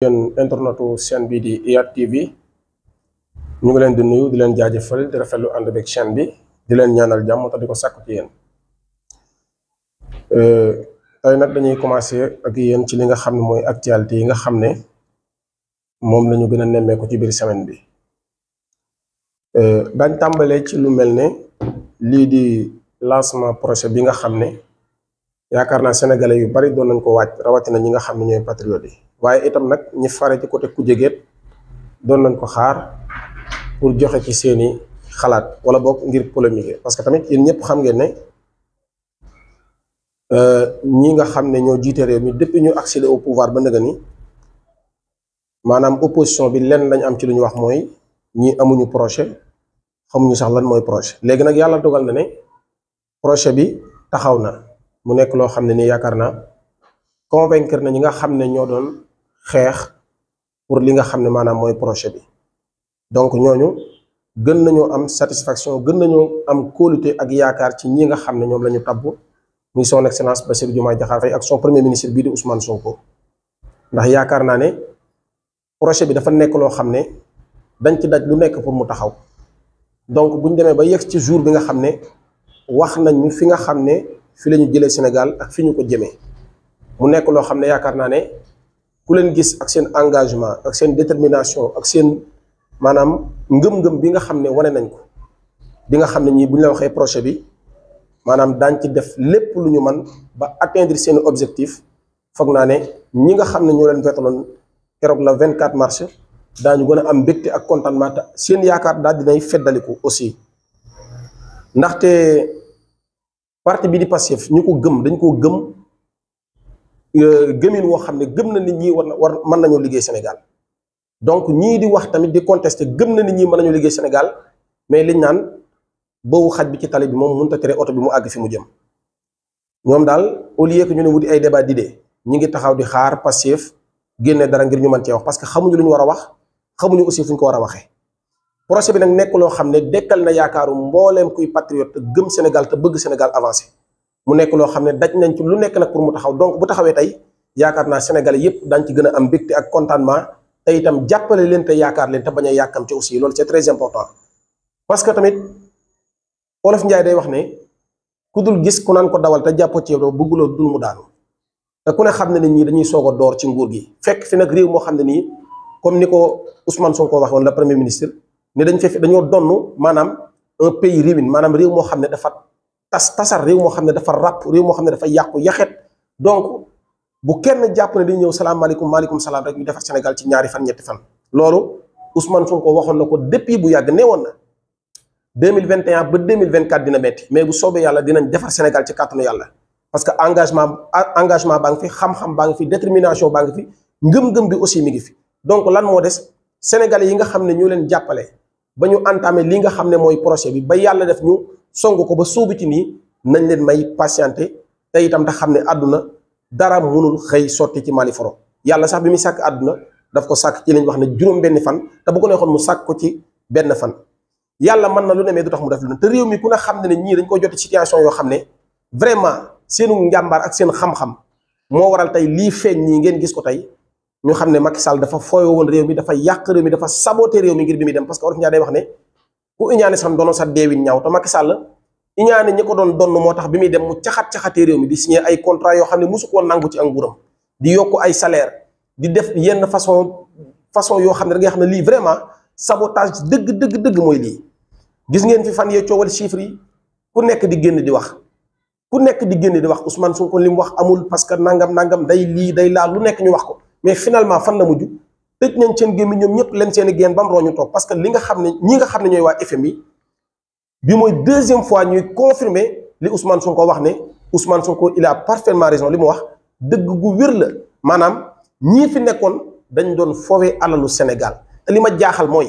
yéen internetu chaîne bi di IYAT TV ñu ngi leen di nuyu di leen jaajëfal di rafetlu ànd beeg chaîne bi di leen ñaanal jàmm te di ko sàkku ci yéen euh, tey nag dañuy commencer ak yéen ci li nga xam ne mooy actualité yi nga xam ne moom la ñu gën a nemmeeku ci biir semaine bi euh, dañ tàmbalee ci lu mel ne lii di lancement projet bi nga xam ne yaakaar naa sénégalais yu bari doon nañ ko waaj rawatina ñi nga xam ne ñooy patriote yi waaye itam nag ñi fare ci côté ku jegeet doon nañ ko xaar pour joxe ci seeni xalaat wala bokk ngir polémique parce que tamit yéen ñëpp xam ngeen ne euh, ñi nga xam ne ñoo jiite réew mi depuis ñu accéder au pouvoir ba nëga ni maanaam opposition bi lenn lañ am ci lu ñu wax mooy ñi amuñu projet xamuñu sax lan mooy projet léegi nag yàlla dogal na ne projet bi taxaw na mu nekk loo xam ne ni yaakaar naa convaincre na ñi nga xam ne ñoo doon xeex pour li nga xam ne maanaam mooy projet bi donc ñooñu gën nañoo am satisfaction gën nañoo am kóolute ak yaakaar ci ñi nga xam ne ñoom la ñu tabb muy son excellence Bassirou Diomaye Diakhar Faye ak son premier ministre bi di Ousmane Sonko ndax yaakaar naa ne projet bi dafa nekk loo xam ne dañ ci daj lu nekk pour mu taxaw donc bu ñu demee ba yegg ci jour bi nga xam ne wax nañu fi nga xam ne fi la ñu jëlee Sénégal ak fi ñu ko jëmee mu nekk loo xam ne yaakaar naa ne. ku leen gis ak seen engagement ak seen détermination ak seen maanaam ngëm-ngëm bi nga xam ne wane nañ ko di nga xam ne ñii bu ñu la waxee projet bi maanaam daañ ci def lépp lu ñu man ba atteindre seen objectif foog naa ne ñi nga xam ne ñoo leen vetaloon keroog la 24 mars daañu gën a am mbégte ak contentement seen yaakaar daal dinay feddaliku aussi ndaxte parti bi di Pastef ñu ko gëm dañ koo gëm Euh, gémmin woo xam ne gëm na nit ñi war na war mën nañoo liggéey Sénégal donc ñii di wax tamit di contester gëm na nit ñi mën nañoo liggéey Sénégal mais liñ naan boobu xaj bi ci tali bi moom mënut a tere oto bi mu àgg fi mu jëm ñoom daal au lieu que ñu ne wuti ay débat d'idées ñi ngi taxaw di xaar passif génne dara ngir ñu mën cee wax parce que xamuñu lu ñu war a wax xamuñu aussi fu ñu ko war a waxee projet bi nag nekk loo xam ne dekkal na yaakaaru mbooleem kuy patriote gëm Sénégal te bëgg Sénégal avancé mu nekk loo xam ne daj nañ ci lu nekk nag pour mu taxaw donc bu taxawee tey yaakaar naa Sénégalais yëpp dañ ci gën a am mbégte ak contentement te itam jàppale leen te yaakaar leen te bañ a yàkkam ci aussi loolu c'est très important parce que tamit Olof Njaay day wax ne ku dul gis ku naan ko dawal te jàppoo ci bëgguloo dul mu te ku ne xam ne nit ñi dañuy soog a door ci nguur gi fekk fi nag réew moo xam ne nii comme ni ko Ousmane Sonko waxee woon la premier ministre ne dañ fee dañoo donn maanaam un pays maanaam réew moo xam ne dafa tas tasar réew moo xam ne dafa ràpp réew moo xam ne dafa yàqu yaxet donc bu kenn jàpp ne di ñëw salaamaaleykum maaleykum salaam rek ñu defar Sénégal ci ñaari fan ñetti fan loolu Ousmane ko waxoon na ko depuis bu yàgg nee woon na 2021 ba 2024 dina metti mais bu soobee yàlla dinañ defar Sénégal ci kàttanu yàlla parce que engagement engagement baa ngi fi xam-xam baa ngi fi détermination baa ngi fi ngëm-ngëm bi aussi mi ngi fi donc lan moo des sénégalais yi nga xam ne ñoo leen jàppale ba ñu entamé li nga xam ne mooy projet bi ba yàlla def ñu song ko ba sóobu ci nii nañ leen may patienté te itam te xam ne àdduna dara munul xëy sotti ci Mali Foro yàlla sax bi muy sàkk àdduna daf ko sàkk ci lañ wax ne juróom benn fan te bu ko neexoon mu sàkk ko ci benn fan yàlla mën na lu ne mais du tax mu def lu ne te réew mi ku ne xam ne ne ñii dañ ko jot situation yoo xam ne vraiment seenu njàmbaar ak seen xam-xam moo waral tey lii feeñ ñii ngeen gis ko tey ñu xam ne Macky Sall dafa fooyo woon réew mi dafa yàq réew mi dafa saboté réew mi ngir bi muy dem parce que olof ñaa wax ne ku iñaane sam doono sa deewin ñaaw te Macky Sall iñaane ñi ko doon donn moo tax bi muy dem mu caxat-caxatee réew mi di signé ay contrat yoo xam ne musu ko nangu ci anguuram di yokk ay salaire di def yenn façon façon yoo xam ne da nga xam ne lii vraiment sabotage dëgg dëgg dëgg mooy lii gis ngeen fi fan yee coowal chiffres yi ku nekk di génn di wax ku nekk di génn di wax Ousmane Sonko li mu wax amul parce que nangam nangam day lii day laal lu nekk ñu wax ko mais finalement fan la mujj tëj nañ seen gémmi ñoom ñëpp leen seen i bam ba mu rooñu toog parce que li nga xam ne ñi nga xam ne ñooy waa FMI bi mooy deuxième fois ñuy confirmer li Ousmane ko wax ne Ousmane Sonko il a parfaitement raison li mu wax dëgg gu wér la maanaam ñii fi nekkoon dañ doon fowe alalu Sénégal li ma jaaxal mooy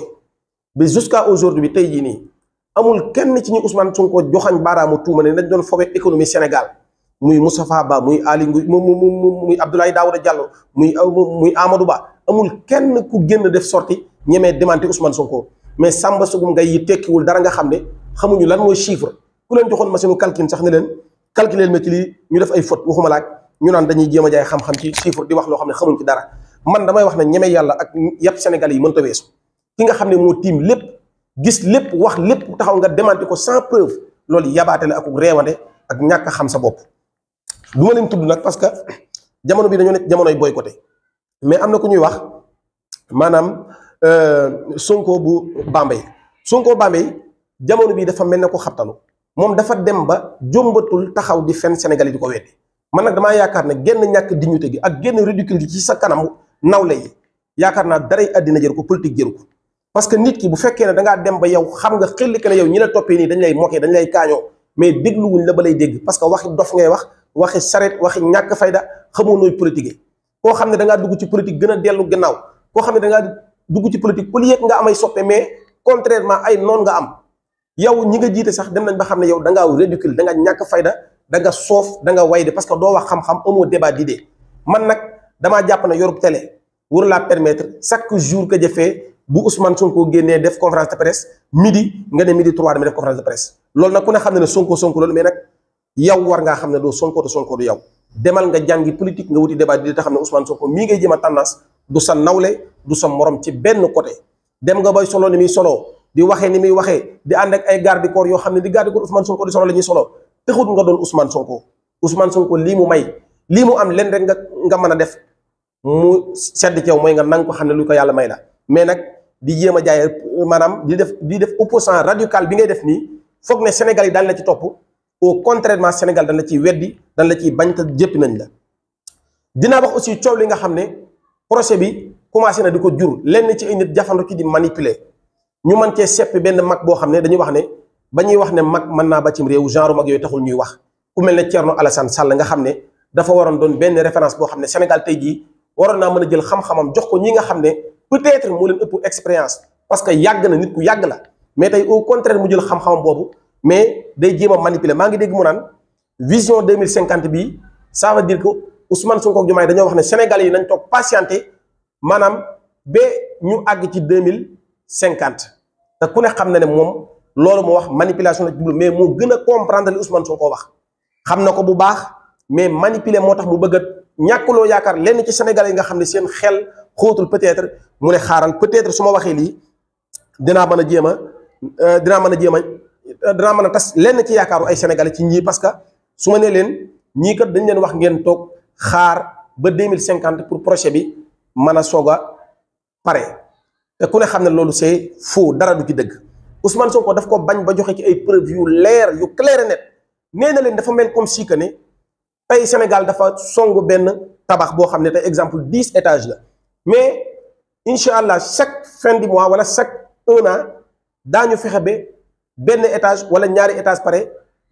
ba jusqu'à aujourd'hui tey jii nii amul kenn ci ñi Ousmane Sonko joxañ baaraamu tuuma ne dañ doon fowe économie Sénégal. muy Moustapha Ba muy Ali Ngouille muy Abdoulaye Daouda Diallo muy euh, muy Amadou Ba amul kenn ku génn def sorti ñemee démanti Ousmane Sonko mais Samba Sugum ngay yi tekkiwul dara nga xam ne xamuñu lan mooy chiffre ku leen joxoon machine calcul sax ne leen calculer ma ci lii ñu def ay faute waxuma laaj ñu naan dañuy jéem a jaay xam-xam ci chiffre di wax loo xam ne xamuñ ci dara man damay wax ne ñeme yàlla ak yàpp Sénégal yi mënta weesu ki nga xam ne moo tiim lépp gis lépp wax lépp taxaw nga démanti ko sans preuve loolu yabaate la ak reewande ak ñàkk xam sa bopp du ma leen tudd nag parce que jamono bi dañoo nekk jamonoy boycotté mais am na ku ñuy wax maanaam euh, Sonko bu Bambey Sonko Bambey jamono bii dafa mel ne ko xabtalu moom dafa dem ba jombatul taxaw di fenn Sénégal yi di ko weddi man nag damaa yaakaar ne genn ñàkk dignité gi ak genn ridicule gi ci sa kanamu nawle yi yaakaar naa daray àddina jëru ko politique jëru ko parce que nit ki bu fekkee ne da ngaa dem ba yow xam nga xel que ne yow ñi la toppee nii dañ lay moqué dañ lay kaañoo mais lay dégg parce que waxi dof ngay wax. waxi saret waxi ñàkk fayda xamoo nooy politique koo xam ne da ngaa dugg ci politique gën a dellu gannaaw koo xam ne da dugg ci politique au lieu que nga amay soppe mais contrairement ay noon nga am yow ñi nga jiite sax dem nañ ba xam ne yow da ngaa ridicule da nga ñàkk fayda da nga soof da nga wayde parce que doo wax xam-xam amoo débat d'idée man nag damaa jàpp ne yorub télé war la permettre chaque jour que jëfee bu Ousmane Sonko génnee def conférence de presse midi ne midi 3 dama def conférence de ku ne xam ne ne Sonko Sonko loolu mais yow war ngaa xam ne doo Sonko te Sonko du yow demal nga jàngi politique nga wuti débat di te xam ne Ousmane Sonko mii ngay jëm a tendance du sa nawle du sa morom ci benn côté dem nga bay solo ni muy solo di waxee ni muy waxee di ànd ak ay garde yoo xam ne di garde corps Ousmane Sonko di solo la ñuy solo taxut nga doon Ousmane Sonko Ousmane Sonko lii mu may lii mu am leen rek nga nga mën a def mu sedd ci mooy nga nang ko xam ne lu ko yàlla may la mais nag di jéem a jaay maanaam di def di def opposant radical bi ngay def nii foog ne Sénégal yi daal la ci topp. au contrairement Sénégal dañ ci ciy weddi dañ la ciy bañ te jëpp nañ la dina wax aussi coow li nga xam ne projet bi commencer na di ko jur lenn ci ay nit jafandu ci di manipuler ñu mën cee seppi benn mag boo xam ne dañuy wax ne ba ñuy wax ne mag mën naa ba cim réew genre mag yooyu taxul ñuy wax ku mel ne Thierno Alassane Sall nga xam ne dafa waroon doon benn référence boo xam ne Sénégal tey jii waroon naa mën a jël xam-xamam jox ko ñi nga xam ne peut-être moo leen ëpp expérience parce que yàgg na nit ku yàgg la mais tey au contraire mu jël xam boobu mais day jéem a manipuler maa ngi dégg mu naan vision 2050 bi ça veut dire que Ousmane Sonko ak Diomaye dañoo wax ne Sénégalais yi nañ toog patienté maanaam ba ñu àgg ci mille cinquante te ku ne xam ne ne moom loolu mu wax manipulation la ci mais moo gën a comprendre li Ousmane ko wax xam na ko bu baax mais manipuler moo tax mu bëgg a ñàkkuloo yaakaar lenn ci sénégal yi nga xam ne seen xel xootul peut-être mu ne xaaral peut su ma waxee lii dinaa mën a jéem a euh, dinaa mën a jéem a Euh, danaa mën a tas lenn ci yaakaaru ay sénégalais ci ñii parce que su ma nee leen ñii kat dañ leen wax ngeen toog xaar ba deux mille cinquante pour projet bi man a soog a pare te ku ne xam ne loolu c'est faux dara du ci dëgg Ousmane Sonko daf ko bañ ba joxe ci ay preuve yu leer yu clair net nee na leen dafa mel comme si que ne tey Sénégal dafa songu benn tabax boo xam ne tey exemple dix étages la mais incha allah chaque fin du mois wala chaque un an daañu fexe ba. benn étage wala ñaari étage pare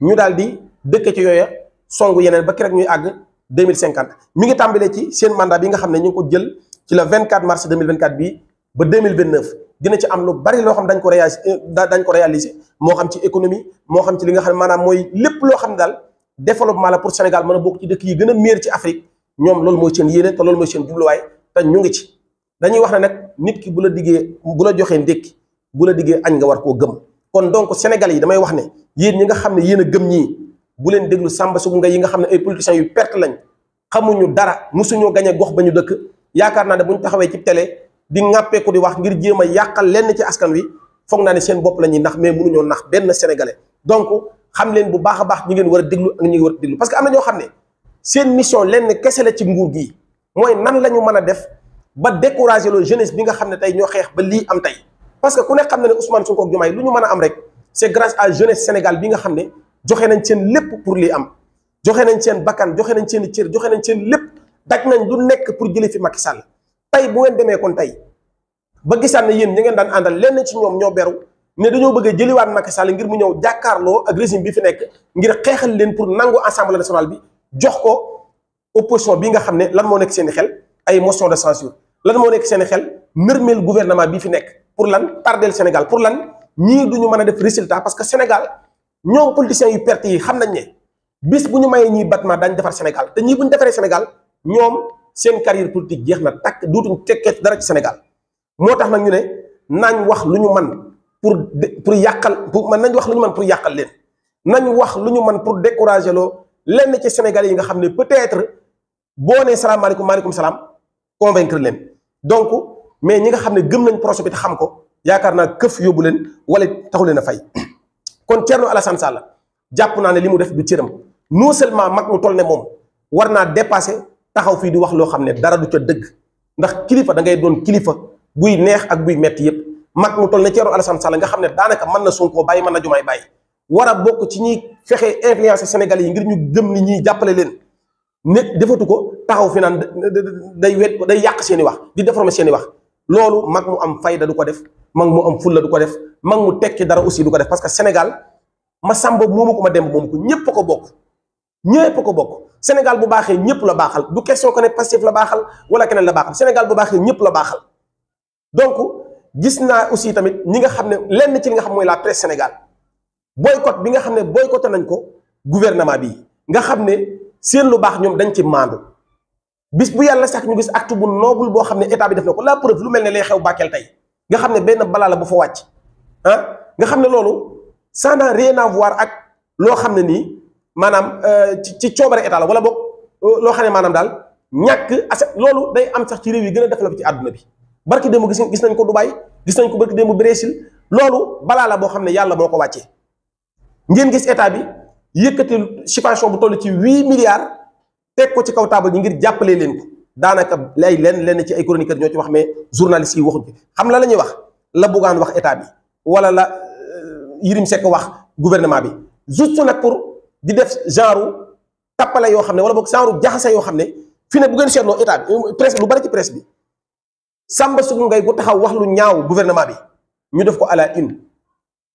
ñu daal di dëkk ci yooya songu yeneen ba rek ñuy àgg 2050 mi ngi tàmbalee ci seen mandat bi nga xam ne ñu ngi ko jël ci le 24 mars 2024 bii ba 2029 dina ci am lu bari loo xam dañ ko réagi euh, dañ ko réaliser moo xam ci économie moo xam ci li nga xam ne maanaam mooy lépp loo xam ne daal développement la pour Sénégal mën a bokk ci dëkk yi gën a miir ci Afrique ñoom loolu mooy seen yéene te loolu mooy seen jubluwaay te ñu ngi ci dañuy wax ne nag nit ki bu la diggee bu la joxee ndékki bu la diggee añ nga war koo gëm kon donc Sénégalais yi damay wax ne yéen ñi nga xam ne yéen a gëm ñii bu leen déglu Samba Sougou nga yi nga xam ne ay politiciens yu perte lañ xamuñu dara mosuñoo gañe gox ba ñu dëkk yaakaar naa ne bu ñu taxawee ci télé di ŋàppeeku di wax ngir jéem a yàqal lenn ci askan wi foog naa ne seen bopp la ñuy nax mais mënuñoo nax benn sénégalais donc xam leen bu baax a baax ñi ngeen war a déglu ak ñi ngeen parce que am ñoo xam ne seen mission lenn kese la ci nguur gi mooy nan la ñu mën a def ba décourager le jeunesse bi nga xam ne tey ñoo xeex ba lii am tey parce que ku ne xam na ne Ousmane Sonko ak Diomaye lu ñu mën a am rek c'est grâce à jeunesse Sénégal bi nga xam ne joxe nañ seen lépp pour lii am joxe nañ seen bakkan joxe nañ seen cër joxe nañ seen lépp daj nañ lu nekk pour jëlee fi Macky Sall tey bu ngeen demee koon tey ba gisaan ne yéen ñi ngeen daan àndal lenn ci ñoom ñoo beru ne dañoo bëgg a jëliwaat Macky Sall ngir mu ñëw jàkkaarloo ak régime bi fi nekk ngir xeexal leen pour nangu assemblée nationale bi jox ko opposition bi nga xam ne lan moo nekk seen i xel ay motion de censure lan moo nekk seen i xel mërmel gouvernement bi fi nekk pour lan tardeel Sénégal pour lan ñii duñu mën a def résultat parce que Sénégal ñoom politiciens yu perte yi xam nañ ne bis bu ñu mayee ñii battement daañu defar Sénégal te ñii bu ñu defaree Sénégal ñoom seen carrière politique jeex na takk duutuñ tekkee dara ci Sénégal moo tax nag ñu ne nañ wax lu ñu man pour pour yàqal pour nañ wax lu ñu man yàqal leen nañ wax lu ñu man pour décourager loo lenn ci sénégal yi nga xam ne peut-être boo nee salaamaaleykum maaleykum salaam convaincre leen mais ñi nga xam ne gëm nañ projet bi te xam ko yaakaar naa këf yóbbu leen wala taxu leen a fay kon Thierno Alassane Sall jàpp naa ne li mu def du cëram non seulement mag mu toll ne moom war naa dépassé taxaw fii di wax loo xam ne dara du ca dëgg ndax kilifa dangay doon kilifa buy neex ak buy metti yépp mag mu toll ne Thierno Alassane Sall nga xam ne daanaka mën na Sonko bàyyi mën na Diomaye bàyyi war a bokk ci ñuy fexe influencer sénégal yi ngir ñu gëm ni ñuy jàppale leen ne defatu ko taxaw fi naan day wet day yàq seen wax di déformer seen i wax loolu mag mu am fayda du ko def mag mu am fulla du ko def mag mu tekki dara aussi du ko def parce que Sénégal ma sàmba moomu ko ma dem moomu ko ñépp a ko bokk ñépp a ko bokk Sénégal bu baaxee ñépp la baaxal du question que ne Pastef la baaxal wala keneen la baaxal Sénégal bu baaxee ñépp la baaxal donc gis naa aussi tamit ñi nga xam ne lenn ci li nga xam mooy la presse Sénégal boycott bi nga xam ne boycotté nañ ko gouvernement bi nga xam ne seen lu baax ñoom dañ ci maandu bis bu yàlla sax ñu gis acte bu noogul boo xam ne état bi def na ko la preuve lu mel ne lay xew Bakel tey nga xam ne benn balaa la bu fa wàcc ah, nga xam ne loolu ça n'a rien à voir ak loo xam ne nii maanaam euh, ci ci coobare état la wala boog euh, loo xam ne maanaam daal ñàkk as loolu day am sax ci réew yi gën a def développé ci àdduna bi barki dem gis gis nañ ko Dubaï gis nañ ko barki démb Brésil loolu balaa la boo xam ne yàlla moo ko wàccee ngeen gis état bi yëkkati subvention bu toll ci huit milliards. teg ko ci kaw taabal ñi ngir jàppalee leen ko daanaka lay lenn lenn ci ay ñoo ci wax mais journaliste yi waxuñ ci xam la la ñuy wax la buggaan wax état bi wala la euh, Yirim Seck wax gouvernement bi juste nag pour di def genre tappale yoo xam ne wala boog genre jaxase yoo xam ne fi ne bu ngeen seetloo état bi euh, presse lu bari ci presse bi Samba Sugu Ngay bu taxaw wax lu ñaaw gouvernement bi ñu def ko à la une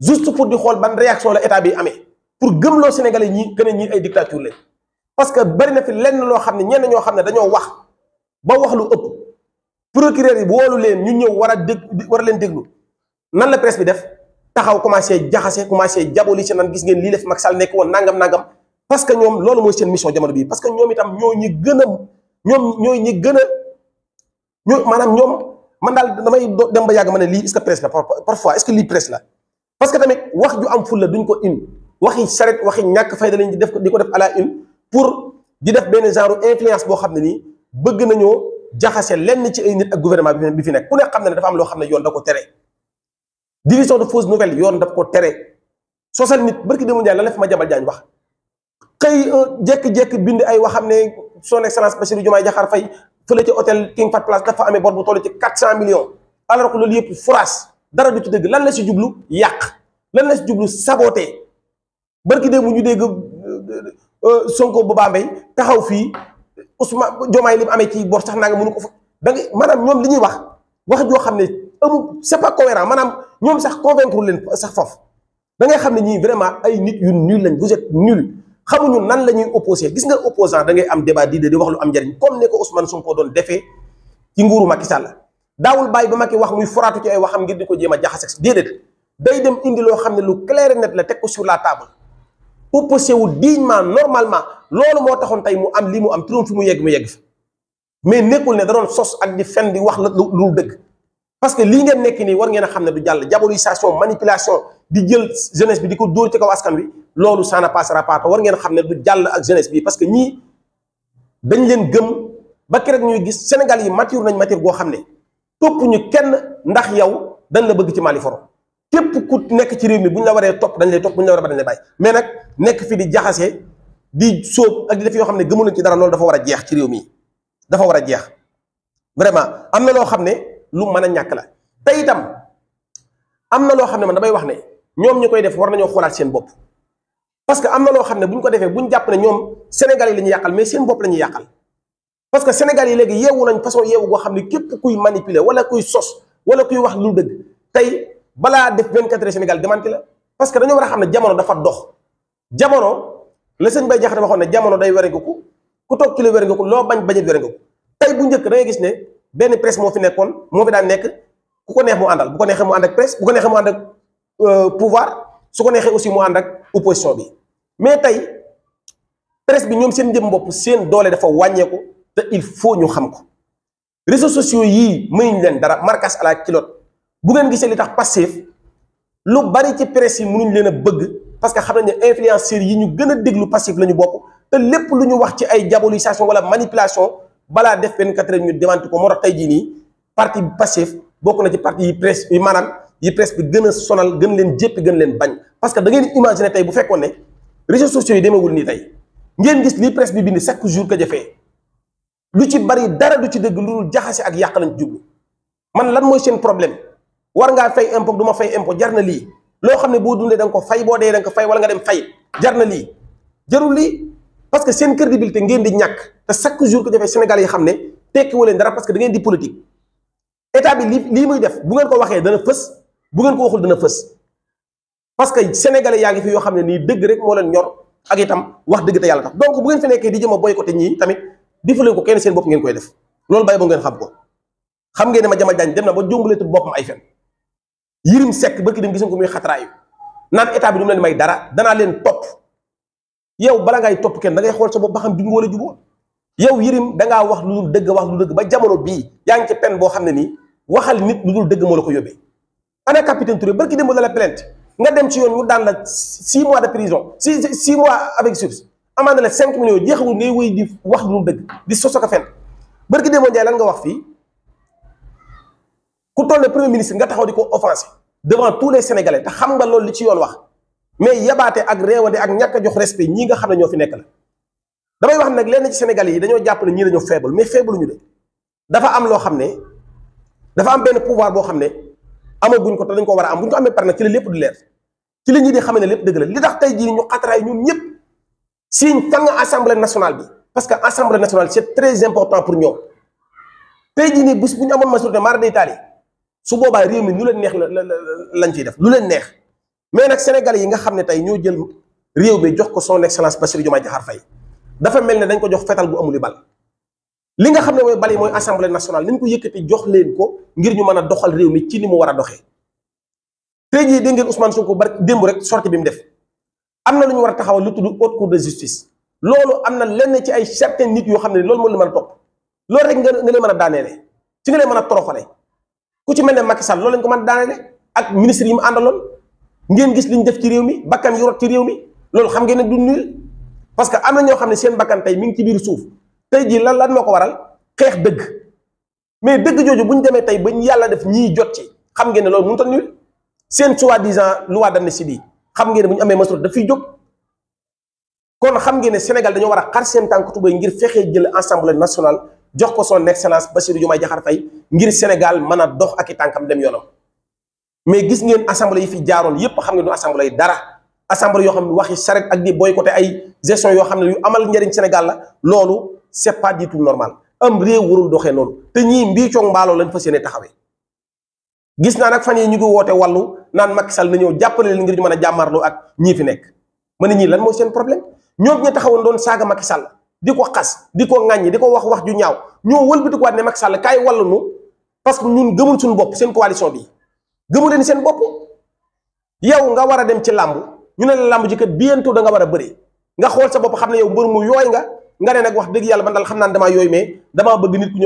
juste pour di xool ban réaction la état bi amee pour gëmloo Sénégalais ñi gën a ñi ay dictature leen parce que bari na fi lenn loo xam ne ñenn ñoo xam ne dañoo wax ba wax lu ëpp procureur yi woolu leen ñu ñëw war a dég war leen déglu nan la presse bi def taxaw commencé jaxase commencé jaboli si nan gis ngeen lii def Macky Sall nekk woon nangam nangam parce que ñoom loolu mooy seen mission jamono bii parce que ñoom itam ñoo ñi gën a ñoom ñooy ñi gën a ñoo maanaam ñoom man daal damay dem ba yàgg ma ne lii est-ce que presse la parfois est-ce que lii presse la parce que tamit wax ju am fulla duñ ko une waxi saret waxi ñàkk fayda lañ di ko def à la pour di def benn genre influence boo xam ne nii bëgg nañoo jaxase lenn ci ay nit ak gouvernement bi fi nekk ku ne xam na ne dafa am loo xam ne yoon da ko tere division de fausses nouvelles yoon daf ko tere sosal nit barki demu Ndiaye la la fi ma jabal jaañ wax xëy euh, jékki-jékki bind ay wax xam ne son excellence Bassirou Diomaye Diakhar Faye fële ci hôtel King Fahd Palace dafa amee bor bu toll ci quatre loolu yëpp forage dara du ci dëgg lan la si jublu yàq lan la si jublu saboté barki démb ñu dégg euh, Euh, Sonko bu Bambey taxaw fii Ousmane Diomaye li mu amee ci bor sax naa nga mënu ko fa da nga maanaam ñoom li ñuy wax wax joo xam ne amul c'est pas cohérent maanaam ñoom sax convaincre leen sax foofu da ngay xam ne ñii vraiment ay nit yu nul lañ vous êtes nul xamuñu nan la ñuy opposé gis nga opposant da ngay am débat di di wax lu am njariñ comme ne ko Ousmane Sonko doon defee ci nguuru Macky Sall daawul bàyyi ba Macky wax muy foraatu ci ay waxam ngir di ko jéem a jaxase déedéet day dem indi loo xam ne lu clair net la teg ko sur la table opposé wu dignement normalement loolu moo taxoon tey mu am lii mu am turam fi mu yegg mu yegg fa mais nekkul ne da doon sos ak di fen di wax la lu dëgg parce que lii ngeen nekk nii war ngeen a xam ne du jàll diabolisation manipulation di jël jeunesse bi di ko dóor ci kaw askan wi loolu ça ne passera pas war ngeen a xam ne du jàll ak jeunesse bi parce que ñii dañ leen gëm ba keroog ñuy gis Sénégal yi mature nañ mature goo xam ne topp ñu kenn ndax yow dañ la bëgg ci Mali képp ku nekk ci réew mi bu ñu la waree topp dañ lay topp bu ñu la a ba dañ lay bàyyi mais nag nekk fi di jaxase di sóob ak di def yoo xam ne gëmuñu ci dara loolu dafa war a jeex ci réew mi dafa war a jeex vraiment am na loo xam ne lu mën a ñàkk la te itam am na loo xam ne man damay wax ne ñoom ñu koy def war nañoo xoolaat seen bopp parce que am na loo xam ne bu ñu ko defee bu ñu jàpp ne ñoom Sénégal yi la ñuy yàqal mais seen bopp la ñuy yàqal parce que Sénégal yi léegi yeewu nañ façon yeewu goo xam ne képp kuy manipuler wala kuy sos wala kuy wax lu dëgg tey balaa def 24 heures Sénégal démanti la parce que dañoo war a xam ne jamono dafa dox jamono la sëñ Bay Jaxate waxoon ne jamono day wérengu ko ku toog kilo wérengu ko loo bañ bajet wérengu ko tey bu njëkk da gis ne benn presse moo fi nekkoon moo fi daan nekk ku ko neex mu àndal bu ko neexee mu ànd ak presse bu ko neexee mu ànd ak euh, pouvoir su ko neexee aussi mu ànd ak opposition bi mais tey presse bi ñoom seen jëm mbopp seen doolee dafa wàññeeku te il faut ñu xam ko réseaux sociaux yii mayuñ leen dara marquage à la bu ngeen gisee li tax Pastef lu bari ci presse yi mënuñ leen a bëgg parce que xam nañ ne influenceurs yi ñu gën a déglu Pastef la ñu bokk te lépp lu ñu wax ci ay diabolisation wala manipulation balaa def benn quatre ñu démanti ko moo tax tey jii nii parti Pastef bokk na ci parti yi presse yi maanaam yi presse bi gën a sonal gën leen jëpp gën leen bañ parce que da ngeen imaginer tey bu fekkoon ne réseaux sociaux yi demewul nii tey ngeen gis lii presse bind chaque jour ka jafee lu ci bari dara du ci dëgg lu dul jaxase yàq lañ jublu man lan mooy seen problème war ngaa fay impôt du ma fay impôt jar na lii loo xam ne boo dundee da nga ko fay boo dee da ko fay wala nga dem fay jar na lii jarul lii parce que seen crédibilité ngeen di ñàkk te chaque jour que defee Sénégal yi ne tekki wu leen dara parce que da ngeen di politique état bi lii lii muy def bu ngeen ko waxee dana fës bu ngeen ko dana fës parce que sénégalais yaa ngi fi yoo xam ne nii dëgg rek moo leen ñor ak itam wax dëgg te yàlla tax donc bu ngeen fi nekkee di jëm a boycotté ñii tamit defalee ko kenn seen bopp ngeen koy def loolu bàyyi ba ngeen xam ko xam ngeen ne ma jama jaañ dem na ba jumbalatu boppam ay fen Yérim Seck bëkk dem gis nga ko muy xatraayu naan état bi du mu leen may dara danaa leen topp yow bala ngay topp kenn da ngay xool sa bopp ba xam jubu wala juboo yow Yérim dangaa wax lu dul dëgg wax lu dëgg ba jamono bii yaa ngi boo xam ne nii waxal nit lu dul dëgg moo la ko yóbbee ana capitaine Touré barki dem ba la plainte nga dem si yoon ñu daan la six mois de prison six six mois avec sursis amande la cinq millions jeexamul ngay wéy di wax lu dul dëgg di sosoka fen barki dem Ndiaye lan nga wax fii ku toll ne premier ministre nga taxaw di ko offensé devant tous les sénégalais te xam nga loolu li ci yoon wax mais yabaate ak réewande ak ñàkk a jox respect ñii nga xam ne ñoo fi nekk la damay wax nag lenn ci sénégal yi dañoo jàpp ne ñii dañoo faible mais faible ñu de dafa am loo xam ne dafa am benn pouvoir boo xam ne amaguñ ko te dañ ko war a am bu ñu ko amee par na ci la lépp du leer ci la ñuy di xam ne lépp dëgg la li tax tey jii ñu xataraay ñun ñëpp siñ tàng assemblée bi parce que assemblée nationale c'est très important pour ñoom tey jii nii bés bu ñu amoon majorité su boobaa réew mi ñu leen neex la lañ ciy def lu leen neex mais nag sénégalais yi nga xam ne tey ñoo jël réew bi jox ko son excellence Bassirou Diomaye Diakhar Faye dafa mel ne dañ ko jox fetal bu amul bal li nga xam ne mooy bali mooy assemblée nationale ni ñu ko yëkkati jox leen ko ngir ñu mën a doxal réew mi ci ni mu war a doxee tey jii dégg ngeen Ousmane Sonko bari démb rek sorti bi mu def am na lu ñu war a taxawal lu tudd haute cour de justice loolu am na lenn ci ay certains nit yoo xam ne loolu moo leen man a to loolu rek nga nga leen mën a daaneele ci nga leen mën a toroxale ku ci mel ne Macky Sall loolu lañ ko mën daane ne ak ministre yi mu àndaloon ngeen gis liñ def ci réew mi bakkan yu rot ci réew mi loolu xam ngeen ne du nul parce que am na ñoo xam ne seen bakkan tey mi ngi ci biir suuf tey jii lan lan moo ko waral xeex dëgg mais dëgg jooju bu ñu demee tey ba ñu yàlla def ñiy jot ci xam ngeen ne loolu mënut a nul seen waa disant loi si bi xam ngeen ne bu ñu amee masoro dafay jóg kon xam ngeen ne Sénégal dañoo war a xar seen tubéy ngir fexee jël assemblée nationale jox ko son excellence Bassirou Diomaye Diakhar Faye ngir Sénégal mën a dox ak i tànkam dem yoonam mais gis ngeen assemblée yi fi jaaroon yépp xam ngeen du assemblée yi dara assemblée yoo xam ne waxi saret ak di boycotté ay gestion yoo xam ne yu amal njariñ Sénégal la loolu c'est pas du tout normal am réew warul doxee noonu te ñii mbii coog mbaaloo lañ fas yéene taxawee gis naa nag fan yii ñu ngi woote wàllu naan Macky Sall na ñëw jàppaleel ngir ñu mën a jàmmarloo ak ñii fi nekk ma a ñii lan mooy seen problème ñoom ñi taxawoon doon saaga Macky Sall di ko xas di ko ŋàññi di ko wax wax ju ñaaw ñoo wëlbatikuwaat ne Macky Sall kaay wàllu nu parce que ñun gëmul suñu bopp seen coalition bi gëmu leen seen bopp yow nga war a dem ci làmb ñu ne la làmb ji kat bientôt da nga war a bëri nga xool sa bopp xam ne yow mbër mu yooy nga nga ne nag wax dëgg yàlla man daal xam naa ne yooy mais damaa bëgg nit ku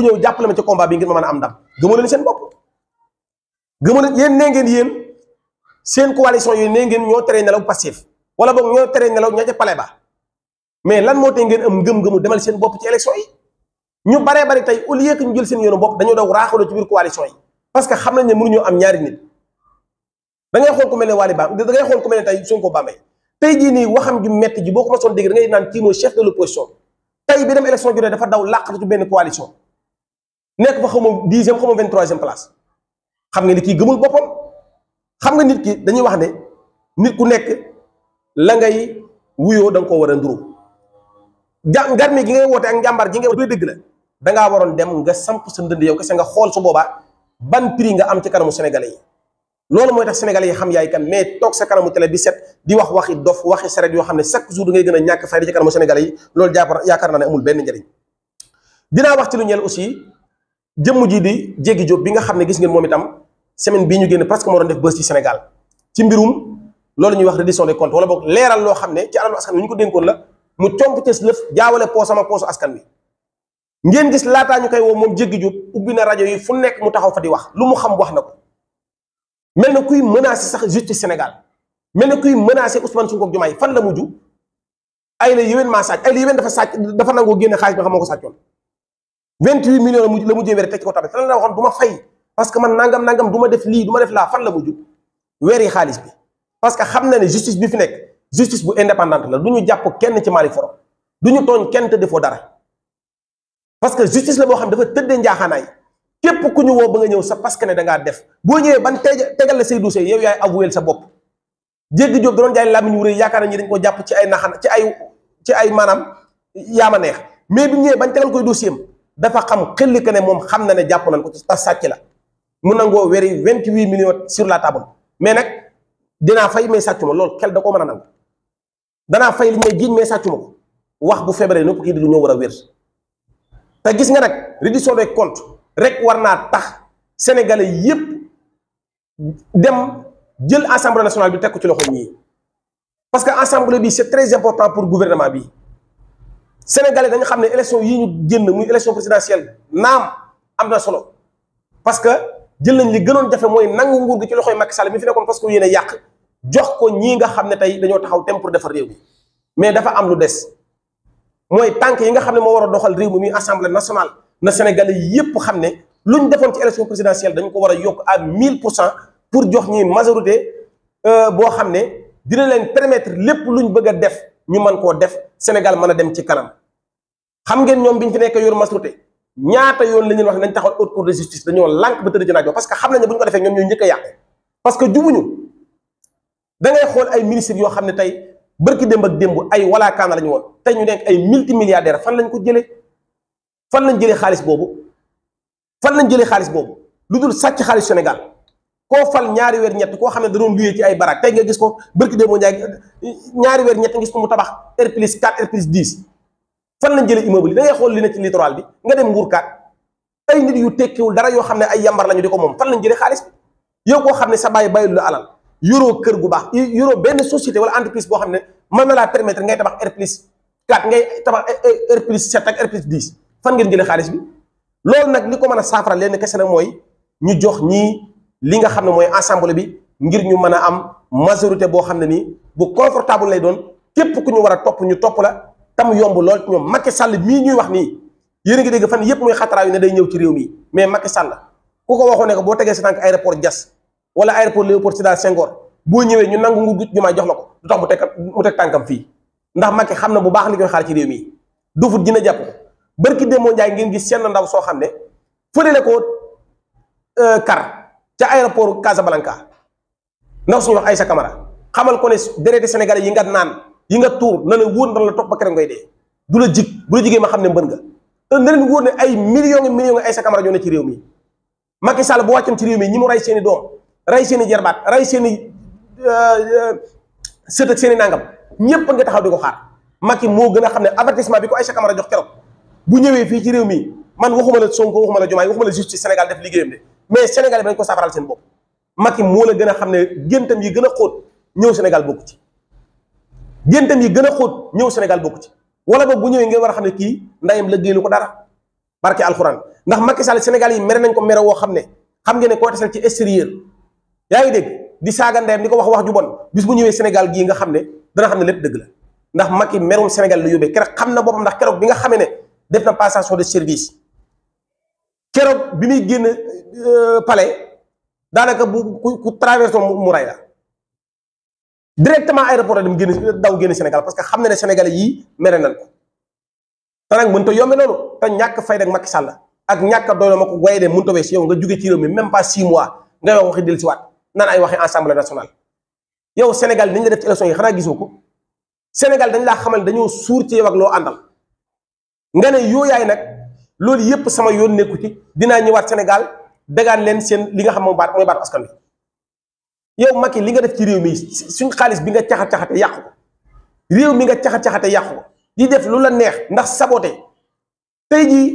ñëw ku jàppale ma ci combat mën a am ndam gëmu leen seen bopp gëmu leen yéen nee ngeen yéen seen coalition yooyu nee ngeen ñoo tere nelaw passif wala boog ñoo tere nelaw ña ca pale ba mais lan moo te ngeen am gëm-gëmu demal seen bopp ci élection yi ñu baree bari tey au lieu que ñu jël seen yoonu bopp dañoo daw raaxaloo ci biir coalition yi parce que xam nañ ne mënuñoo am ñaari nit da ngay xool ku mel ne Waly Ba da ngay xool ku mel ne tey Sonko Bambey tey jii nii waxam ju metti ji boo ko ma soon dégg da naan kii mooy chef de l'opposition tey bi dem élection jotee dafa daw làqatu ci benn coalition nekk fa xaw ma dixième xaw ma vingt troisième place xam nga ni kii gëmul boppam xam nga nit ki dañuy wax ne nit ku nekk la ngay wuyoo da koo war a nduru ja ngarmi gi ngay woote ak njàmbar gi ngay woote dëgg la dangaa waroon dem nga samp sa ndënd yow kese nga xool su boobaa ban prix nga am ci kanamu sénégalais yi loolu mooy tax sénégalais yi xam yaay kan mais toog sa kanamu télé di set di wax waxi dof waxi saret yoo xam ne sa jour da a ñàkk fayda ci kanamu sénégalais yi loolu yaakaar naa ne amul benn njariñ dinaa wax ci lu ñeel aussi jëmm ji di jéggi jóob bi nga xam ne gis ngeen moom itam semaine bii ñu génn presque moo doon def bës ci Sénégal ci mbirum loolu ñuy wax reddition des comptes wala boog leeral loo xam ne ci alalu askan ko dénkoon la mu comp tës lëf jaawale poosama poosu askan wi ngeen gis laataa ñu koy woo moom jéggi jub ubbi na rajo yi fu nekk mu taxaw fa di wax lu mu xam wax na ko mel na kuy menacé sax justice Sénégal mel na kuy menacé Ousmane Sonko ak Diomaye fan la mujj ay la yéwén maa sàcc ay la yéwén dafa sàcc dafa nangoo génne xaalis bi xam moo ko sàccoon 28 millions la mujj la mujjee wér teg ci ko tamit fan la waxoon du ma fay parce que man nangam nangam du ma def lii du ma def laa fan la mujj weeri xaalis bi parce que xam na ne justice bi fi nekk. justice bu indépendante la du ñu jàpp kenn ci Malick Foro du ñu tooñ kenn te defoo dara parce que justice la boo xam dafa tëddee njaaxaanaay képp ku ñu woo ba nga ñëw sa parce que ne da ngaa def boo ñëwee ban tey tegal la say dossier yow yaay avoué sa bopp jéggi Diop da doon jaay làmmiñ wu rëy yaakaar nañu dañ ko jàpp ci ay naxan ci ay ci ay maanaam yaama neex mais bi ñëwee bañ tegal koy dossier dafa xam xel que ne moom xam na ne jàpp nañ ko ci tas sàcc la mu nangoo weri 28 millions sur la table mais nag dinaa fay mais sàcc ma loolu xel da koo mën a nangu danaa fay li ñu may jiiñ mais sàccuma ko wax bu feebaree nopp kii lu ñoo war a wér te gis nga nag reddition des comptes rek war naa tax sénégalais yépp dem jël assemblée nationale bi teg ci loxo ñii parce que assemblée bi c'est très important pour gouvernement bi sénégalais dañu xam ne élection yi ñu jën muy élection présidentielle naam am na solo parce que jël nañ li gënoon jafe mooy nangu nguur gi ci loxo Macky Sall mi fi nekkoon parce que yéen yàq jox ko ñii nga xam ne tey dañoo taxaw tem pour defar réew mi mais dafa am lu des mooy tànk yi nga xam ne moo war a doxal réew mi muy assemblée nationale na Sénégalais yépp xam ne lu ñu defoon ci élection présidentielle dañ ko war a yokk a 1000 pour cent pour jox ñi majorité euh, boo xam ne dina leen permettre lépp lu ñu bëgg def ñu mën koo def Sénégal mën a dem ci kanam xam ngeen ñoom bi ñu fi nekk yor majorité ñaata yoon la ñuy wax ne dañ taxaw haute cour de justice dañoo lànk ba tëdd ci naajo parce da xool ay ministre yoo xam ne tey bërki démb ak démb ay walaakaana la woon tey ñu nekk ay milti multimilliardaire fan lañ ko jëlee fan lañ jëlee xaalis boobu fan lañ jëlee xaalis boobu lu dul sàcc xaalis Sénégal koo fal ñaari weer ñett koo xam ne da doon ci ay barak tey nga gis ko bërki démb njaay ñaari weer ñett nga gis tabax R plus 4 R plus 10 fan lañ jëlee immeuble yi da ngay xool li ne ci littoral bi nga dem Mbourkat ay nit yu tekkiwul dara yoo xam ne ay yambar lañu di ko moom fan lañ jëlee xaalis yow koo xam ne sa bàyyi bàyyil la alal yuro kër gu baax yuro benn société wala entreprise boo xam ne mën na laa permettre ngay tabax R plus 4 ngay tabax eh, eh, R plus 7 ak fan ngeen jëlee xaalis bi loolu nag li ko mën a saafara leen kese nag mooy ñu jox ñii li nga xam ne mooy ensemble bi ngir ñu mën a am majorité boo xam ne nii bu confortable lay doon képp ku ñu war a topp ñu topp la tam yomb lool ñoom Macky Sall mii ñuy wax nii yéen a ngi dégg fan yëpp muy xataraayu ne day ñëw ci réew mi mais Macky Sall ku ko waxoon ne ko boo tegee sa tànk aéroport Diass wala aéroport Léopold Sédar Senghor boo ñëwee ñu nangu ngu jumaa jox la ko du tax mu teg mu tànkam fii ndax Macky xam na bu baax li koy xaar ci réew mi dufut dina jàpp ko barki démoo Njaay ngeen gis seen ndaw soo xam ne fële la ko euh, kar ca aéroport Casablanca ndax suñu wax Aïssa Camara xamal ko ne déréti Sénégalais yi nga naan yi nga tuur na la wóor na la topp ba keroog ngay dee du la jig bu la jigee ma xam ne mbën nga na leen wóor ne ay millions ngi millions ngi Aïssa ñoo ne ci réew mi Macky Sall bu wàccam ci réew mi ñi mu rey seeni doom rey seen i jarbaat rey seen i euh, euh, sët ak seen i nangam ñëpp nga taxaw di ko xaar Macky moo gën a xam ne avertissement bi ko ay Aïcha Camara jox keroog bu ñëwee fii ci réew mi man waxuma la Sonko waxuma la Diomaye waxuma la justice Sénégal def liggéeyam mais Sénégal dañ ko saafaral seen bopp Macky moo la gën a xam ne géntam yi gën a xóot ñëw Sénégal bokku ci géntam yi gën a xóot ñëw Sénégal bokku ci wala boog bu ñëwee ngeen war a xam ne kii ndayam liggéeylu ko dara barke alxuraan ndax Macky Sall Sénégal yi mere nañ ko mere woo xam ne xam ngeen ne koo tesal ci extérieur yaa ngi dégg di saaga ndeyam di ko wax wax ju bon bis bu ñëwee Sénégal gii nga xam ne dana xam ne lépp dëgg la ndax Macky merum Sénégal la yóbbee keroog xam na boppam ndax keroog bi nga xamee ne def na passation de service keroog bi muy génn euh, palais daanaka bu ku traversé mu ray la directement aéroport dem génn daw génn Sénégal que xam na ne Sénégalais yii mere nañ ko te nag mënut a yombe loolu te ñàkk fayda ak Macky Sall ak ñàkk a na ma ko waaye de mënut a weesu yow nga jóge ci réew mi même pas six mois nga wax waxi dellusiwaat. naan ay waxi assemblée nationale yow Sénégal dañ def ci élection yi xanaa gisoo ko Sénégal dañ laa xamal dañoo suur ci yow ak loo àndal nga ne yooyaay nag loolu yépp sama yoon nekku ci dinaa ñëwaat Sénégal dagaan leen seen li nga xam moom baat mooy baatu askan wi yow Macky li nga def ci réew mi suñ xaalis bi nga caxat caxate yàqu ko réew mi nga caxat caxate yàqu ko di def lu la neex ndax saboté tey jii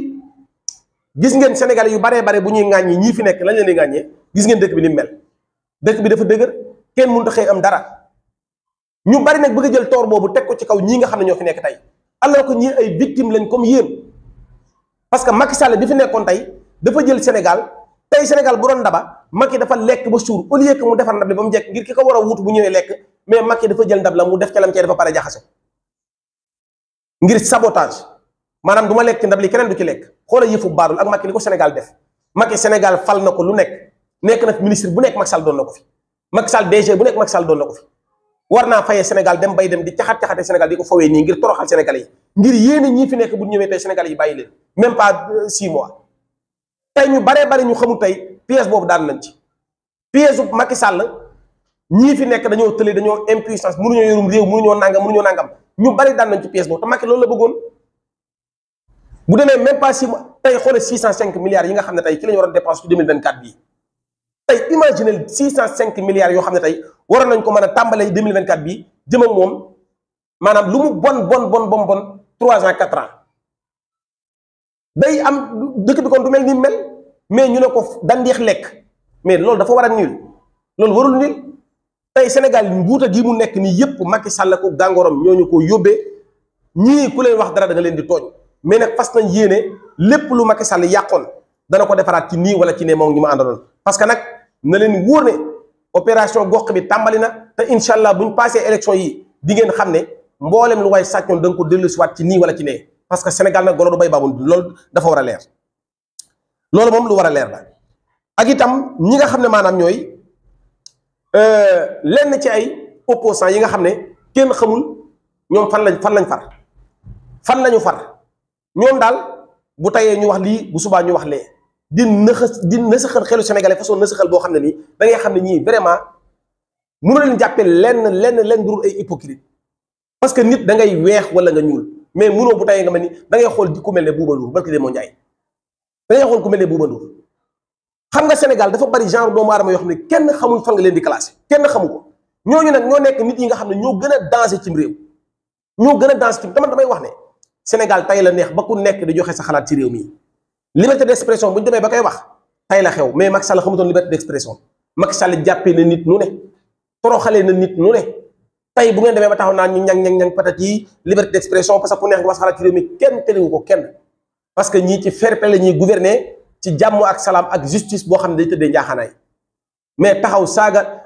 gis ngeen Sénégal yu baree bare bu ñuy ŋàññi ñii fi nekk lañ leen di ŋàññee gis ngeen dëkk bi ni dëkk bi dafa dëgër kenn mun a am dara ñu bari nag bëgg a jël toor boobu teg ko ci kaw ñii nga xam ne ñoo fi nekk tey alors que ñii ay victime lañ comme yéen parce que Macky Sall bi fi nekkoon tey dafa jël Sénégal tey Sénégal bu doon daba Macky dafa lekk ba suur au lieu mu defar ndab li ba mu jekk ngir ki ko war a wut bu ñëwee lekk mais Macky dafa jël ndab la mu def ca lam cee dafa pare jaxase ngir sabotage maanaam du ma lekk ndab li keneen du ci lekk xoola yëfu baadul ak Macky li ko Sénégal def Macky Sénégal fal na ko lu nekk nekk na fi ministre bu nekk Macky Sall doon na ko fi Macky Sall DG bu nekk Macky Sall doon na ko fi war naa fayee Sénégal dem bay dem di caxat caxate Sénégal di ko fawee nii ngir toroxal Sénégalais yi ngir yéene fi nekk bu ñëwee tey Sénégalais yi bàyyi leen même pas euh, six ñu baree bari ñu xamul tey pièce boobu daan nañ ci pièce bu Macky Sall ñii fi nekk dañoo tële dañoo impuissance mënuñoo yorum réew mënuñoo nangam mënuñoo nangam ñu bari daan nañ ci pièce boobu loolu la bëggoon bu demee même pas nga xam ne tey ci la ñu waroon dépense ci 2024 bii tey imaginel 605 milliards yoo xam ne tey waroon nañ ko mën a tàmbalee 2024 bi jëm ak moom maanaam lu mu bon bon bon bon bon 3 ans 4 ans day am dëkk bi kon du mel ni mel mais ñu ne ko dandeex lekk mais loolu dafa war a niil loolu warul niil tey Sénégal nguuta gi mu nekk nii yépp Macky Sall ko gàngooram ñoo ñu ko yóbbee ñii ku leen wax dara da leen di tooñ mais nag fas nañ yéene lépp lu Macky Sall yàqoon dana ko defaraat ci nii wala ci ne moom ñi ma parce que nag na leen wóor ne opération gox bi tàmbali na te incha allah bu ñu passé élection yi di ngeen xam ne mboolem lu waay sàccoon da nga ko dellusiwaat ci nii wala ci nee parce que Sénégal nag golo du bay baabun loolu dafa war a leer loolu moom lu war a leer la ak itam ñi nga xam ne maanaam ñooy euh, lenn ci ay opposants yi nga xam ne kenn xamul ñoom fan lañ fan lañ far fan lañu far ñoom daal bu teyee ñu wax lii bu subaa ñu wax lee di nëxas di nësaxal xelu sénégalais façon nësaxal boo xam ne nii da ngay xam ne ñii vraiment mënu leen jàppee lenn lenn lenn durul ay hypocrite parce que nit da ngay weex wala nga ñuul mais munoo bu tayee nga ma ni da xool di ku mel ne Bouba Ndour barki Demba Ndiaye da ngay ku mel ne Bouba Ndour xam nga Sénégal dafa bari genre doomu aadama yoo xam ne kenn xamul fan nga leen di classé kenn xamu ko ñooñu nag ñoo nekk nit yi nga xam ne ñoo gën a danger cim réew ñoo gën a danger cim dama damay wax ne Sénégal tey la neex ba ku nekk di joxe sa xalaat ci réew mi liberté d'expression bu ñu demee ba koy wax tay la xew mais Macky Sall xamutoon liberté d'expression Macky Sall jàppee na nit nu ne toroxalee na nit nu ne tey bu ngeen demee ba taxaw naan ñi ñang ñang ñang patat yi liberté d'expression parce que ku neex nga wax xalaat ci réew mi kenn terewu ko kenn parce que ñii ci fair play la ñuy gouverner ci jàmm ak salaam ak justice boo xam ne day tëddee njaaxaanaay mais taxaw saaga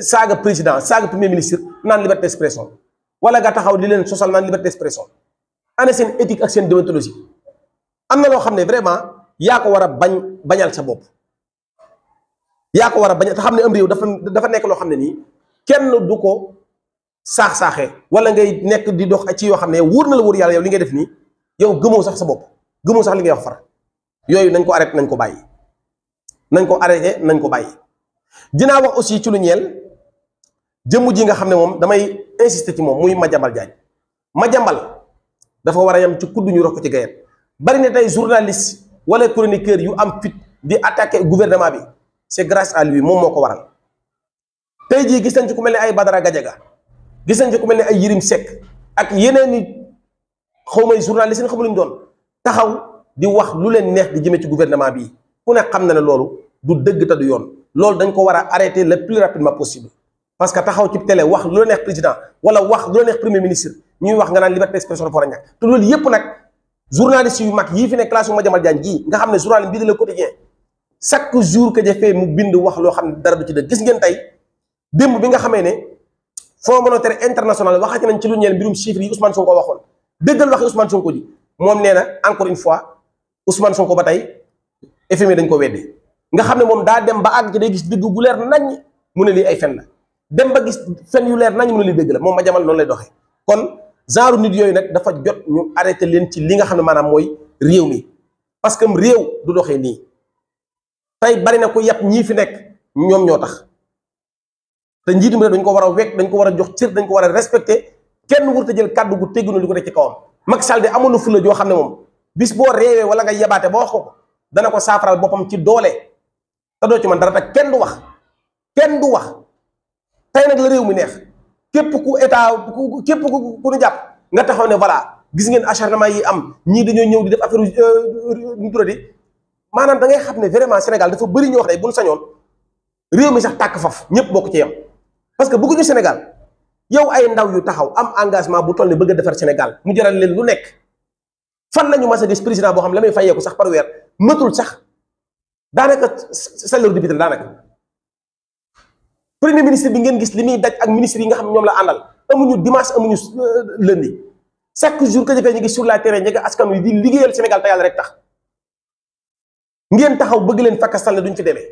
saaga président saaga premier ministre naan liberté d'expression wala nga taxaw di leen sosal naan liberté d'expression ana seen éthique ak seen am na loo xam ne vraiment yaa ko war a bañ bañal sa bopp yaa ko war a bañ te xam ne am réew dafa dafa nekk loo xam ne nii kenn du ko saax-saaxee wala ngay nekk di dox ak ci yoo xam ne wóor na la wóor yàlla yow li ngay def nii yow gëmoo sax sa bopp gëmoo sax li ngay wax far yooyu nañ ko arrêté nañ ko bàyyi nañ ko arrêté nañ ko bàyyi dinaa wax aussi ci lu ñeel jëmm ji nga xam ne moom damay insister ci moom muy Madiambal Diagne Madiambal dafa war a yam ci kuddu ñu rox ko ci bari na tey journaliste wala chroniqueur yu am fit di attaquer gouvernement bi c'est grace à bi moom moo ko waral tey jii gis nañ ci ku mel ne ay Badara Gajaga gis nañ ci ku mel ne ay Yirim Seck ak yeneen i xaw may journaliste yi xamu lu ñu doon taxaw di wax lu leen neex di jëmee ci gouvernement bi ku xam na ne loolu du dëgg te du yoon loolu dañ ko war a arrêter le plus rapidement possible parce que taxaw ci télé wax lu la neex président wala wax lu la neex premier ministre ñuy wax nga naan liberté d'expression dafa war loolu yépp nag. journaliste yu mag yii fi ne classe yu Madiambal Diagne gii nga xam ne journal bii di Le Quotidien chaque jour que jafee mu bind wax loo xam ne dara du ci dëgg gis ngeen tey bi nga xamee ne Fonds monétaire international waxati nañ ci lu ñeel mbirum chiffres yi Ousmane Sonko waxoon dëggal waxi Ousmane Sonko ji moom nee na encore une fois Ousmane Sonko ba tey FMI dañ ko wedde nga xam ne moom daa dem ba àgg ci day gis dëgg bu leer nañ mu ne lii ay fen la dem ba gis fen yu leer nañ mu ne lii dëgg la moom Madiambal noonu lay doxe kon genre nit yooyu nag dafa jot ñu arrêté leen ci li nga xam ne maanaam mooy réew mi parce que réew du doxee nii tey bari na ko yàpp ñii fi nekk ñoom ñoo tax te njiitum réew dañ ko war a wekk dañ ko war a jox cër dañ ko war a respecté kenn wurta jël kàddu gu teggu na ko teg ci kawam Macky Sall de amoon na fulla joo xam ne moom bis boo réewee wala nga yebaate ba wax ko dana ko saafaral boppam ci doole te doo ci man dara te kenn du wax kenn du wax tey nag la réew mi neex képp ku état ku képp ku ku ñu jàpp nga taxaw ne voilà gis ngeen acharnement yi am ñii dañoo ñëw di def affaire ñu euh, euh, turadi maanaam da ngay xam ne vraiment Sénégal dafa bëri ñoo wax ne bu ñu sañoon réew mi sax tàkk faf ñëpp bokk ci yam parce que bëgguñu Sénégal yow ay ndaw yu taxaw am engagement bu toll ni bëgg defar Sénégal mu jaral leen lu nekk fan lañu mas a gis président boo xam la may fayeeku sax par weer mëtul sax daanaka salaire député daanaka. premier ministre bi ngeen gis li muy daj ak ministre yi nga xam ñoom la àndal amuñu dimanche amuñu euh, lundi chaque jour que jëkk ñu ngi sur la terrain ñi nga askan wi di liggéeyal Sénégal te tax ngeen taxaw bëgg leen fakkasal ne duñ ci demee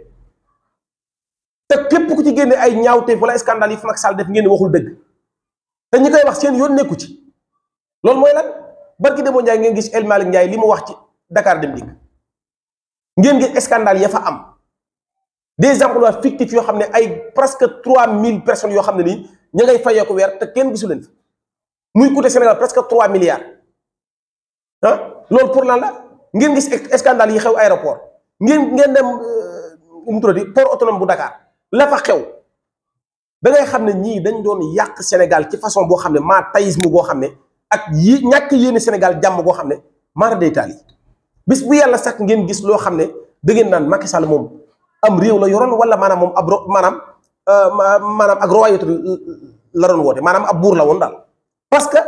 te képp ku ci génne ay ñaawteef wala scandale yi fa Macky Sall def ngeen waxul dëgg te ñi koy wax seen yoon nekku ci loolu mooy lan barki demoo Ndiaye ngeen gis El Malick Ndiaye li mu wax ci Dakar Dem Dikk ngeen gis scandale fa am. des emplois fictifs yoo xam ne ay presque 3000 personnes yoo xam ne nii ña ngay fayee ko weer te kenn gisu leen fi muy coûté Sénégal presque 3 milliards ah loolu pour lan la ngeen gis e-, scandale yi xew aéroport ngeen ngeen dem euh, mu tuddati port autonome bu Dakar la fa xew da ngay xam ne ñii dañ doon yàq Sénégal ci façon boo xam ne maa tayisme boo xam ne ak ñàkk yéene Sénégal jàmm goo xam ne maara day taal yi bis bu yàlla sax ngeen gis loo xam ne da ngeen naan Macky Sall moom. am réew la yoroon wala maanaam moom ab maanaam euh, maanaam ak royauté euh, euh, la doon woote maanaam ab buur la woon daal parce que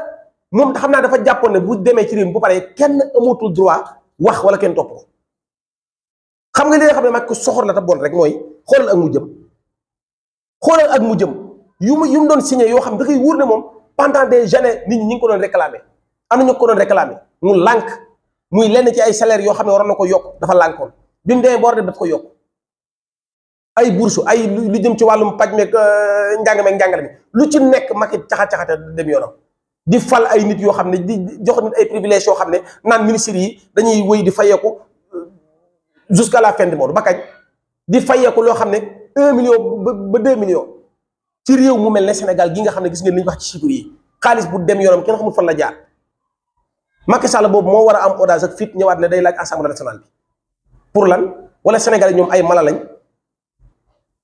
moom xam naa dafa jàppoon ne bu demee ci réew bu paree kenn amatul droit wax wala kenn topp ko xam nga li nga xam ne mag ku soxor la ta bon rek mooy xoolal ak mu jëm xoolal ak mu jëm yu mu yu mu doon signé yoo xam da koy wóor ne moom pendant des années nit ñi ñu ko doon réclamé am na ñu ko doon réclamé mu lànk muy lenn ci ay salaire yoo xam ne waroon na ko yokk dafa lànkoon bi mu demee boor def daf ko yokk ay bourse ay lu jëm ci wàllum paj meeg euh, njàng meeg njàngale lu ci nekk Macky caxa caxate dem yoonam di fal ay nit yoo xam ne di jox nit ay privilèges yoo xam ne naan ministres yi dañuy wëy di fayeeku euh, jusqu'à la ba kañ di fayeeku loo xam ne un million ba deux million ci réew mu mel ne Sénégal gi nga xam ne gis ngeen li ñu wax ci chiffres yi xaalis bu dem yoonam kenn xamul fan la jaar Macky Sall boobu moo war a am audace ak fit ñëwaat ne day laaj assemblée nationale bi pour lan wala Sénégal ñoom ay mala lañ.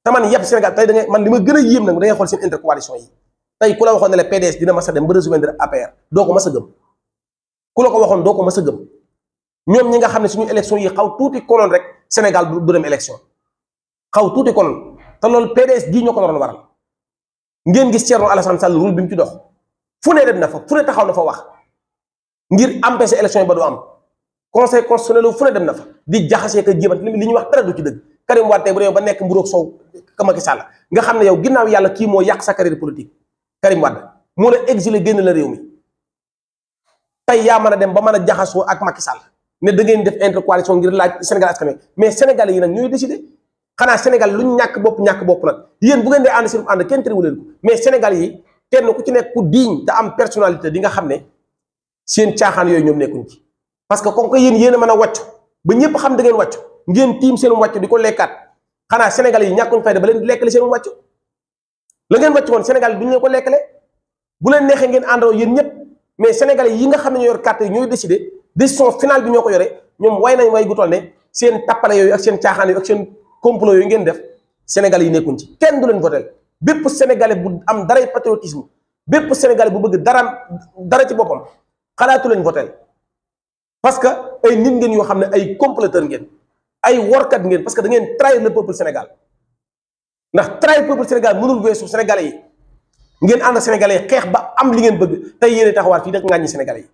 te man yëpp Sénégal tey da ngay man li ma gën a yéem nag da ngay xool seen intercoalition yi tey ku la waxoon ne la PDS dina mas a dem ba rejoindre APR doo ko mas a gëm ku la ko waxoon doo ko mas a gëm ñoom ñi nga xam ne suñu élection yi xaw tuuti konoon rek Sénégal du dem élection xaw tuuti konoon te loolu PDS gii ñoo ko naroon waral ngeen gis Thierno Alassane Sall rôle bi mu ci dox fu ne dem na fa fu ne taxaw na fa wax ngir empêcher élection yi ba du am conseil constitutionnel fu ne dem na fa di jaxasee ko jéemante li ñuy wax dara du ci dëgg Karim Wade tey bu demee ba nekk mburoog sow ka Macky nga xam ne yow ginnaaw yàlla kii moo yàq sa carrière politique Karim Wade moo la exilé génn la réew mi tey yaa man a dem ba mën a jaxasoo ak Macky Sall ne da ngeen def intercoalition ngir laaj Sénégal askan wi mais Sénégal yi nag ñooy décidé xanaa Sénégal lu ñu ñàkk bopp ñàkk bopp nag yéen bu ngeen dee ànd si ànd kenn terewul mais Sénégal yi kenn ku ci nekk ku digne te am personnalité di nga xam ne seen caaxaan yooyu ñoom nekkuñ ci parce que comme yéen yéen a mën a wàcc ba ñëpp xam da wàcc ngeen tiim seen wàcc di ko lekkaat xanaa Sénégal yi ñàkkuñ fayda ba leen di lekkale seen wàcc la ngeen wàcc woon Sénégal du ñu leen ko lekkale bu leen neexee ngeen àndoo yéen ñëpp mais Sénégal yi nga xam ne ñoo yor carte yi ñooy décidé décision finale bi ñoo ko yore ñoom way nañ way gu toll ne seen tappale yooyu ak seen caaxaan yooyu ak seen complot yooyu ngeen def Sénégal yi nekkuñ ci kenn du leen votel bépp Sénégalais bu am daray patriotisme bépp Sénégalais bu bëgg dara dara ci boppam xalaatu leen votel parce que ay nit ngeen yoo xam ne ay comploteur ngeen ay workat ngeen parce que da ngeen trahir le peuple Sénégal ndax trahir peuple Sénégal mënul weesu Sénégalais yi ngeen ànd Sénégalais yi xeex ba am li ngeen bëgg tey yéene taxawaat fii rek ngaaññi Sénégalais yi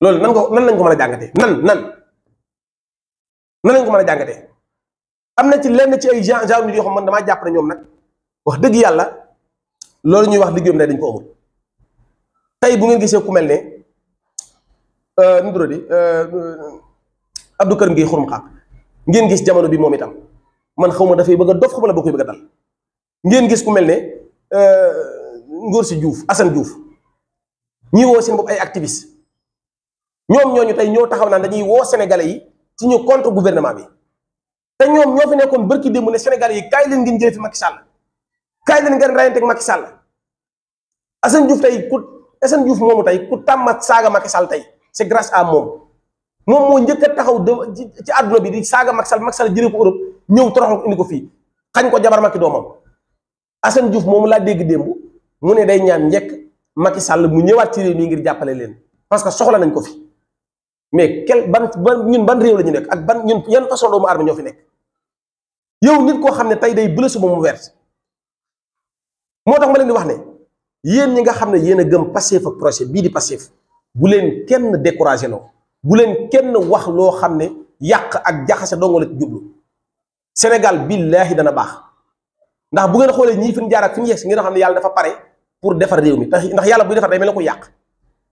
loolu nan ko nan lañ ko a jàngatee nan nan nan lañ ko mën a jàngatee am na ci lenn ci ay gens gens yoo xam man damaa jàpp ne ñoom nag wax dëgg yàlla loolu ñuy wax liggéeyam ne dañ ko amul tey bu ngeen gisee ku mel ne euh, nu mu tuddati euh, Abdou Karim Gueye xurum xaak ngeen gis jamono bi moom itam man xaw ma dafay bëgg a dof xaw ma la boo koy bëgg dal ngeen gis ku mel ne euh, Ngóor si Diouf Assane Diouf ñi woo seen bopp ay activiste ñoom ñooñu tey ñoo taxaw naan dañuy woo sénégalais yi ci ñu contre bi te ñoom ñoo fi nekkoon bërki démb ne sénégalais yi kaay leen ngeen jëlee fi Macky Sall kaay leen ngeen rayante ak Macky Sall Assane Diouf tey ku Assane Diouf moomu tey ku tàmmat saaga Macky Sall tey c'est grâce à moom. moom moo njëkk a taxaw de ci àdduna bi di saaga Macky Sall Macky Sall ko Europe ñëw toroxal ko indi ko fii xañ ko jabar Macky doomam Assane Diouf moomu laa dégg démb mu ne day ñaan njëkk Macky Sall mu ñëwaat ci réew mi ngir jàppale leen parce que soxla nañ ko fi mais quel ban ban ñun ban réew la ñu nekk ak ban ñun yan façon doomu arme ñoo fi nekk yow nit koo xam ne tey day bële suba mu wert moo tax ma leen di wax ne yéen ñi nga xam ne yéen a gëm passif ak projet bii di passif bu leen kenn découragé loo. bu leen kenn wax loo xam ne yàq ak jaxase dong la ci jublu Sénégal billaahi dana baax ndax bu ngeen xoolee ñii fi ñu jaar ak fi ñu yegg si ngeen xam ne yàlla dafa pare pour defar réew mi ndax yàlla buy defar day mel ko yàq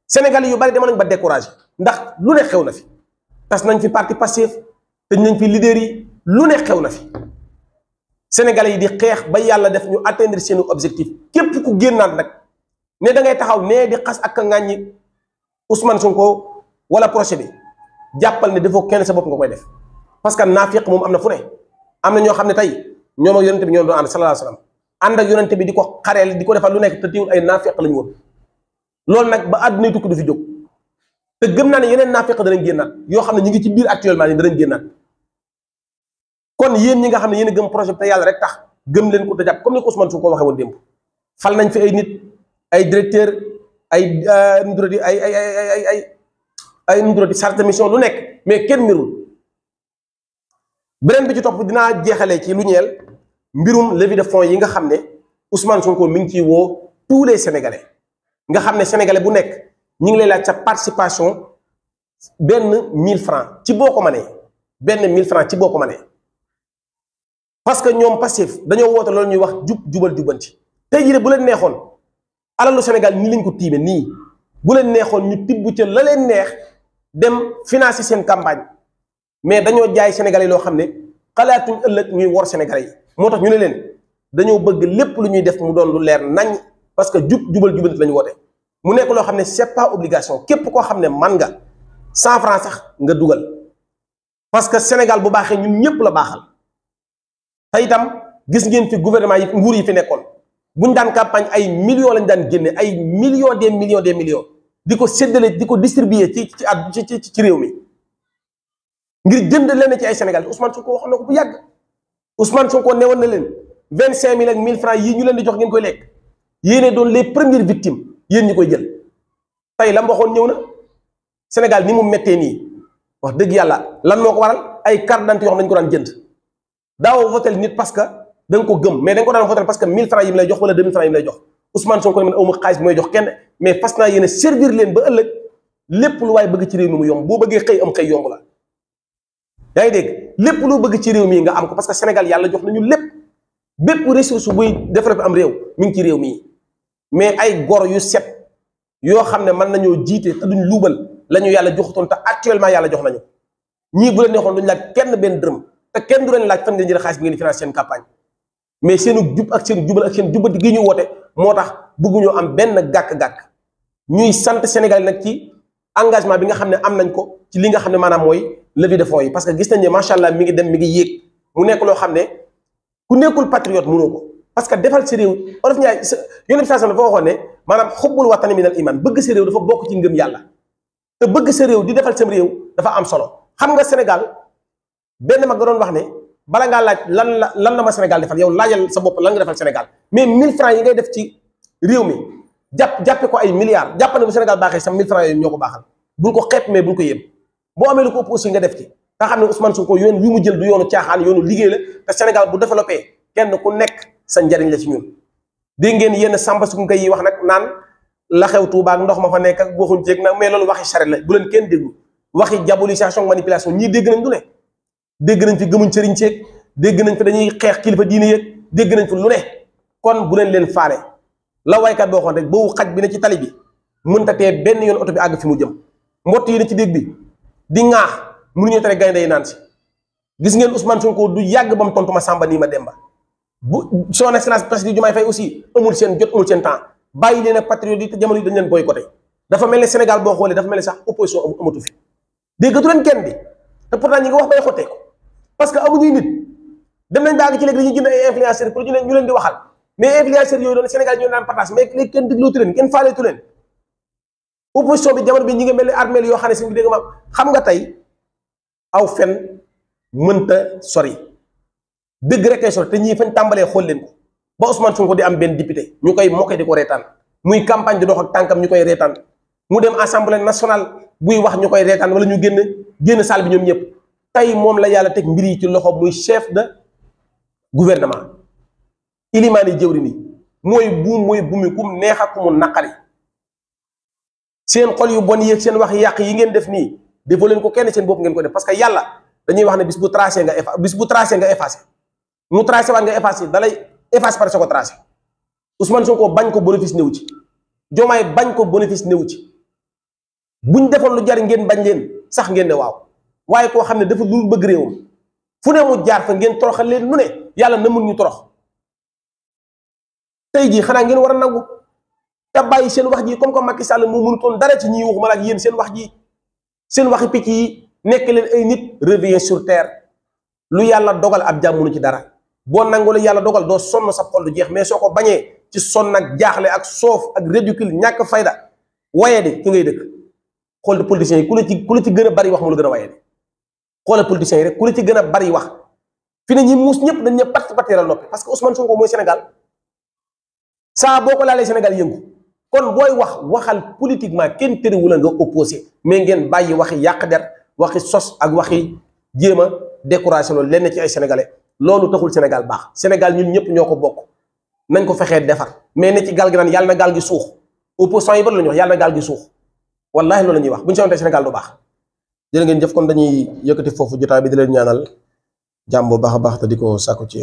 Sénégal yu bari dama nañ ba découragé ndax lu ne xew na fi tas nañ fi parti passif te nañ fi leader yi lu ne xew na fi Sénégalais yi di xeex ba yàlla def ñu atteindre seeni objectif képp ku génnaat nag ne da ngay taxaw nee di xas ak a ŋàññi Ousmane ko wala projet bi jàppal ne defoo kenn sa bopp nga koy def parce que naafiq moom am na fu ne am na ñoo xam ne tey ñoom ak yonente bi ñoo doon ànd sallallahu alayhi wa sallam ànd ak yonente bi di ko xareel di ko defal lu nekk te teewul ay naafiq woon loolu nag ba àdduna tukki du fi jóg te gëm naa ne yeneen naafiq danañ génnaat yoo xam ne ñu ngi ci biir actuellement ni danañ génnaat kon yéen ñi nga xam ne yéen a gëm projet bi te yàlla rek tax gëm leen ko te comme ni ko Ousmane ko waxee woon démb fal nañ fi ay nit ay directeur ay euh, ay ay ay ay nu di charte mission lu nekk mais kenn mirul beneen bi ci topp dinaa jeexalee ci lu ñeel mbirum levée de fonds yi nga xam ne Ousmane Sonko mi ngi ciy woo tous les sénégalais nga xam ne sénégalais bu nekk ñu ngi lay laaj sa participation benn mille francs ci boo ko mënee benn 1000 ci boo ko parce que ñoom passif dañoo woote loolu ñuy wax jub jubal jubanti tey jii bu leen neexoon alalu Sénégal nii lañ ko tiime nii bu leen neexoon ñu tibb ca la leen neex. dem financer seen campagne mais dañoo jaay Sénégalais loo xam ne xalaatuñ ëllëg ñuy wor Sénégalais yi moo tax ñu ne leen dañoo bëgg lépp lu ñuy def mu doon lu leer nañ parce que jub jubal jubanti la ñu woote mu nekk loo xam ne c'est pas obligation képp koo xam ne man nga cent francs sax nga dugal parce que Sénégal bu baaxee ñun ñëpp la baaxal te itam gis ngeen fi gouvernement yi nguur yi fi nekkoon bu buñ daan campagne ay millions lañ daan génne ay millions de millions des millions di ko séddale di ko distribuer ci ci at ci ci réew mi ngir jënd leen ci ay Sénégal Ousmane Sonko ko na ko bu yàgg Ousmane Sonko newoon na leen vingt cinq mille ak mille yii ñu leen di jox ngeen koy lekk yéene doon les premières victimes yéen ñi koy jël tey lam waxoon ñëw na Sénégal ni mu méttee nii wax dëgg yàlla lan moo ko waral ay carte d'identité yoo xam dañu ko daan jënd daawoo votel nit parce que ko gëm mais da ko daan votel parce mille francs yi mu lay Ousmane Sonko ne man awma xaalis bi may jox kenn mais fas naa yéene servir leen ba ëllëg lépp lu waaye bëgg ci réew mi mu boo bëggee xëy am xëy yomb la yaa ngi dégg lépp loo bëgg ci réew mi nga am ko parce que Sénégal yàlla jox nañu lépp bépp ressource buy développé am réew mi ngi ci réew mi mais ay gor yu set yoo xam ne man nañoo jiite te duñ luubal la ñu yàlla joxutoon te actuellement yàlla jox nañu ñii bu la neexoon duñ laaj kenn benn dërëm te kenn du leen laaj fan ngeen jël xaalis bi ngeen di financer seen campagne mais seenu jub ak seen jubal ak seen jubati gi ñu woote moo tax bëgguñoo am benn gàkk-gàkk ñuy sant Sénégal nag ci engagement bi nga xam ne am nañ ko ci li nga xam ne maanaam mooy levée de parce que gis nañ ne macha mi ngi dem mi ngi yéeg mu nekk loo xam ne ku nekkul patriote mënoo ko parce que defal si réew olof ñaay yonent bi saa dafa waxoon ne maanaam xubbul watani minal iman bëgg sa réew dafa bokk ci ngëm yàlla te bëgg sa réew di defal sa réew dafa am solo xam nga Sénégal benn mag nga doon wax ne. bala ngaa laaj lan la lan la ma Sénégal defal yow laajal sa bopp lan nga defal Sénégal mais 1000 francs yi ngay def ci réew mi jàpp jàppe ko ay milliards jàpp ne bu Sénégal baaxee sax 1000 francs yooyu ñoo ko baaxal buñ ko xeeb mais buñ nga def ci nga xam ne Ousmane Sonko yoon wi mu jël du yoonu caaxaan yoonu liggéey la te Sénégal bu développé kenn ku nekk sa njariñ la ci ñun dégg ngeen yenn sàmba su ngay yi wax nag naan la xew Tuubaa ak ndox ma fa nekk ak waxuñ ceeg nag mais loolu waxi charrette la bu leen kenn déglu waxi diabolisation manipulation ñii dégg nañ ne dégg nañ fi gëmuñ sëriñ seeg dégg nañ fi dañuy xeex kilifa diine yeeg dégg nañ fi lu ne kon bu leen leen faale la waykat boo xoon rek boobu xaj bi ne ci tali bi mun mënta tee benn yoon oto bi àgg fi mu jëm mbott yi ne ci dégg bi di ŋaax mënuñu tere gaynde yi naan si gis ngeen Ousmane ko du yàgg ba mu tontu ma Samba nii ma Demba bu son excellence président Diomaye Faye aussi amul seen jot amul seen temps bàyyi leen ak yi te jamono yi dañ leen boycotté dafa mel ne Sénégal boo xoolee dafa mel ne sax opposition amatu fi dégg du leen kenn bi te pourtant ñi nga wax bay xottee parce que amuñuy nit dem nañ daal ci léegi dañuy jënd ay influenceurs pour ñu leen di waxal mais influenceurs yooyu doon Sénégal ñu daan partage mais léegi kenn déglootu leen kenn faaleetu leen opposition bi jamono bi ñi nga mel ni armée yoo xam ne si nga xam nga tey aw fen mënta sori dëgg rek kay sori te ñii fañ tàmbalee xool leen ko ba Ousmane Sonko di am benn député ñu koy mokkee di ko reetaan muy campagne di dox ak tànkam ñu koy reetaan mu dem assemblée nationale buy wax ñu koy reetaan wala ñu génn génn salle bi ñoom ñëpp. tey moom la yàlla teg mbir yi ci loxo muy chef de gouvernement ilimaan yi jëwri ni mooy buum mooy bumi kum neex ak mu naqari seen xol yu bon yéeg seen wax yàq yi ngeen def nii defoo leen ko kenn seen boobu ngeen ko def parce que yàlla dañuy wax ne bis bu tracé nga effa bis bu tracé nga effacé mu tracé waat nga effacé dalay effacé par sa ko tracé Ousmane koo bañ ko bénéfice néew ci Diomaye bañ ko bénéfice néew ci buñ defoon lu jar bañ leen sax ngeen waaw. waaye koo xam ne dafa dul bëgg réewam fu ne mu jaar fa ngeen toroxal leen lu ne yàlla na mun ñu torox tey jii xanaa ngeen war a nangu te bàyyi seen wax ji comme que Macky Sall moo mënutoon dara ci ñi waxuma la ak yéen seen wax ji seen waxi picc yi nekk leen ay nit revient sur lu yàlla dogal ab jàmm mënu ci dara boo nangoo la yàlla dogal doo sonn sa xol du jeex mais soo ko bañee ci sonn ak jaaxle ak soof ak ridicule ñàkk fayda waye de ki ngay dëkk xool de politiciens yi ku la ci ci gën bari wax la gën a xoolal politiciens yi rek ku la ci gën a bari wax fi ne ñi muus ñëpp dañ ñëpp parti parti la noppi parce que Ousmane Sonko mooy Sénégal saa boo ko laalee Sénégal yëngu kon booy wax waxal politiquement kenn tëriwu la nga opposé mais ngeen bàyyi waxi yàq der waxi sos ak waxi jéem a découragé loolu lenn ci ay sénégalais loolu taxul Sénégal baax Sénégal ñun ñëpp ñoo ko bokk nañ ko fexee defar mais ne ci gaal gi naan yàlla na gaal gi suux opposants yi bari la ñuy wax yàlla na gaal gi suux wallahi loolu ñuy wax bu ñu Sénégal du baax. jërë ngeen jëf kon dañuy yëkkati foofu jotaay bi di leen ñaanal jàmm bu baax a baax te di ko sàkku ci